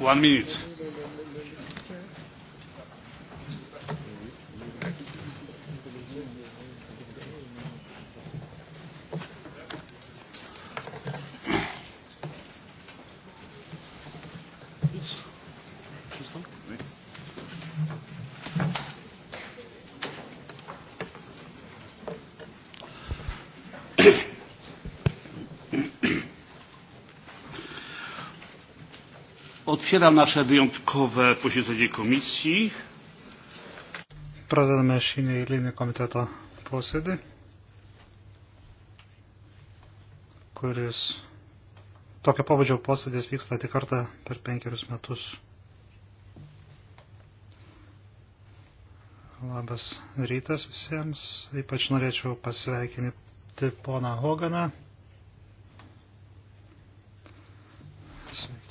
One minute. Otwieram nasze wyjątkowe posiedzenie komisji. Pradedame šį neįlinį komiteto posėdį, kuris tokio pabudžio posėdės vyksta tik kartą per penkerius metus. Labas rytas visiems, ypač norėčiau pasveikinti poną Hoganą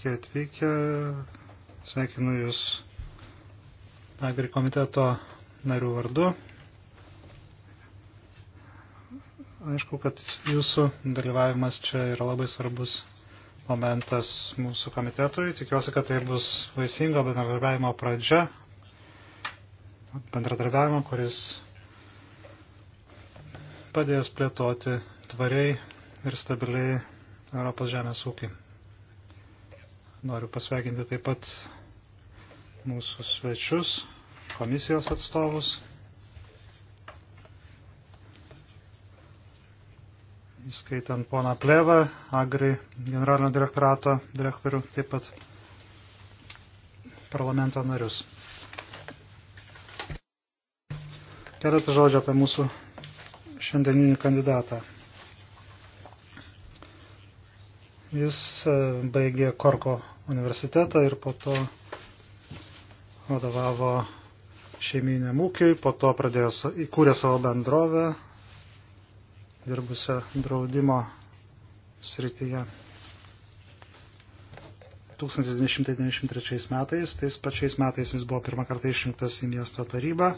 sveiki atvykę. Sveikinu Jūs Agri komiteto narių vardu. Aišku, kad Jūsų dalyvavimas čia yra labai svarbus momentas mūsų komitetui. Tikiuosi, kad tai bus vaisingo bendradarbiavimo pradžia, bendradarbiavimo, kuris padės plėtoti tvariai ir stabiliai Europos žemės ūkį. Noriu pasveikinti taip pat mūsų svečius, komisijos atstovus. Įskaitant poną Plevą, Agri generalinio direktorato direktorių, taip pat parlamento narius. Keletą žodžių apie mūsų šiandieninį kandidatą. Jis e, baigė Korko universitetą ir po to vadovavo šeiminėm ūkiui, po to pradėjo, įkūrė savo bendrovę, dirbusią draudimo srityje. 1993 metais, tais pačiais metais jis buvo pirmą kartą išrinktas į miesto tarybą.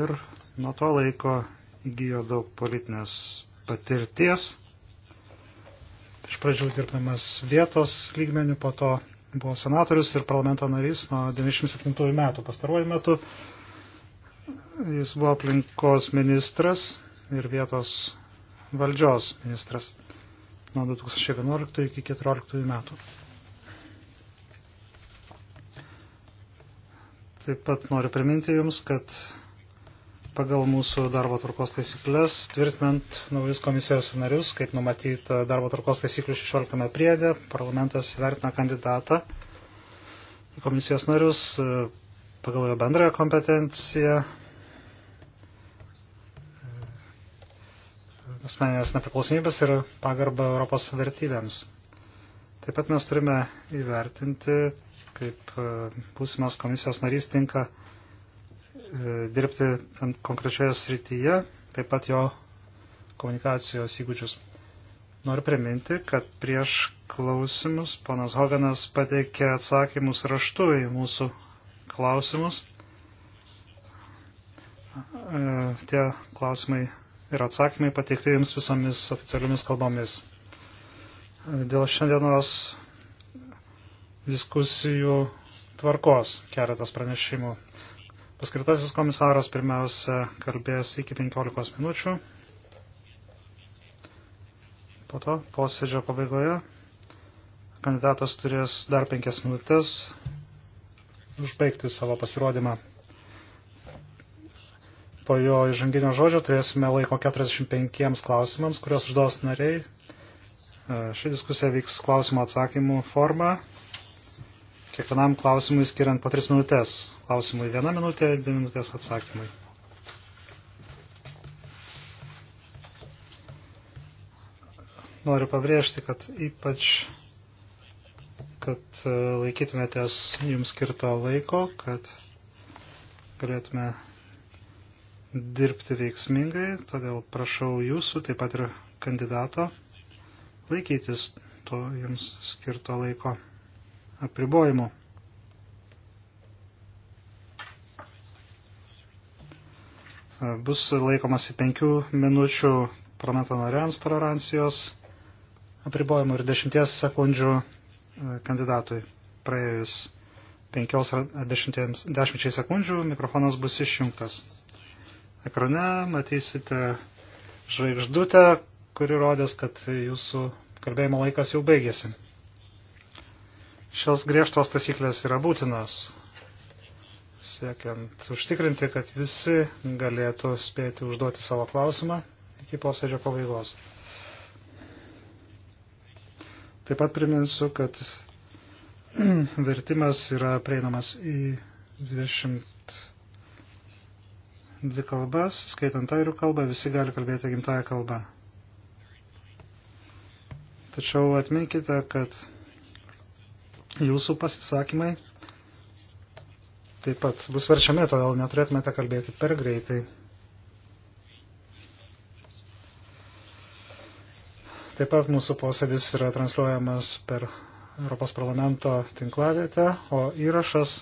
Ir nuo to laiko įgyjo daug politinės patirties iš pradžių dirbdamas vietos lygmenių, po to buvo senatorius ir parlamento narys nuo 97 metų. Pastaruoju metu jis buvo aplinkos ministras ir vietos valdžios ministras nuo 2011 iki 2014 metų. Taip pat noriu priminti Jums, kad pagal mūsų darbo tvarkos taisyklės, tvirtinant naujus komisijos narius, kaip numatyta darbo tvarkos taisyklių 16 priedė, parlamentas vertina kandidatą komisijos narius e, pagal jo bendrąją kompetenciją, e, asmeninės nepriklausomybės ir pagarbą Europos vertybėms. Taip pat mes turime įvertinti, kaip e, būsimas komisijos narys tinka dirbti konkrečioje srityje, taip pat jo komunikacijos įgūdžius. Noriu priminti, kad prieš klausimus ponas Hoganas pateikė atsakymus raštu į mūsų klausimus. E, tie klausimai ir atsakymai pateikti jums visomis oficialiomis kalbomis. E, dėl šiandienos diskusijų tvarkos keletas pranešimų. Paskirtasis komisaras pirmiausia kalbės iki 15 minučių. Po to posėdžio pabaigoje kandidatas turės dar penkias minutės užbaigti savo pasirodymą. Po jo įžanginio žodžio turėsime laiko 45 klausimams, kuriuos užduos nariai. Ši diskusija vyks klausimo atsakymų forma kiekvienam klausimui skiriant po 3 minutės. Klausimui 1 minutė, 2 minutės atsakymui. Noriu pabrėžti, kad ypač kad e, laikytumėtės jums skirto laiko, kad galėtume dirbti veiksmingai, todėl prašau jūsų, taip pat ir kandidato, laikytis to jums skirto laiko apribojimų. Bus laikomasi penkių minučių pranato nariams tolerancijos apribojimų ir dešimties sekundžių kandidatui. Praėjus penkios ar dešimčiai sekundžių mikrofonas bus išjungtas. Ekrane matysite žvaigždutę, kuri rodės, kad jūsų kalbėjimo laikas jau baigėsi. Šios griežtos taisyklės yra būtinos, siekiant užtikrinti, kad visi galėtų spėti užduoti savo klausimą iki posėdžio pabaigos. Taip pat priminsiu, kad vertimas yra prieinamas į 22 kalbas, skaitant airių kalbą, visi gali kalbėti gimtają kalbą. Tačiau atminkite, kad jūsų pasisakymai taip pat bus verčiami, todėl neturėtumėte kalbėti per greitai. Taip pat mūsų posėdis yra transliuojamas per Europos parlamento tinklavietę, o įrašas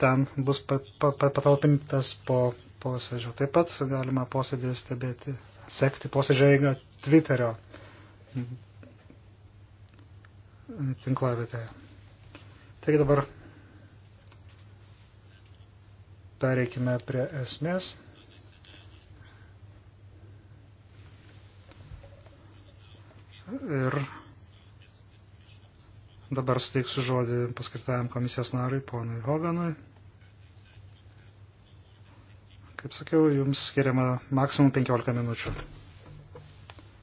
ten bus patalpintas po posėdžio. Taip pat galima posėdį stebėti, sekti posėdžio eigą Twitterio tinklavietėje. Taigi dabar pereikime prie esmės. Ir dabar suteiksiu žodį paskirtajam komisijos nariui, ponui Hoganui. Kaip sakiau, jums skiriama maksimum 15 minučių.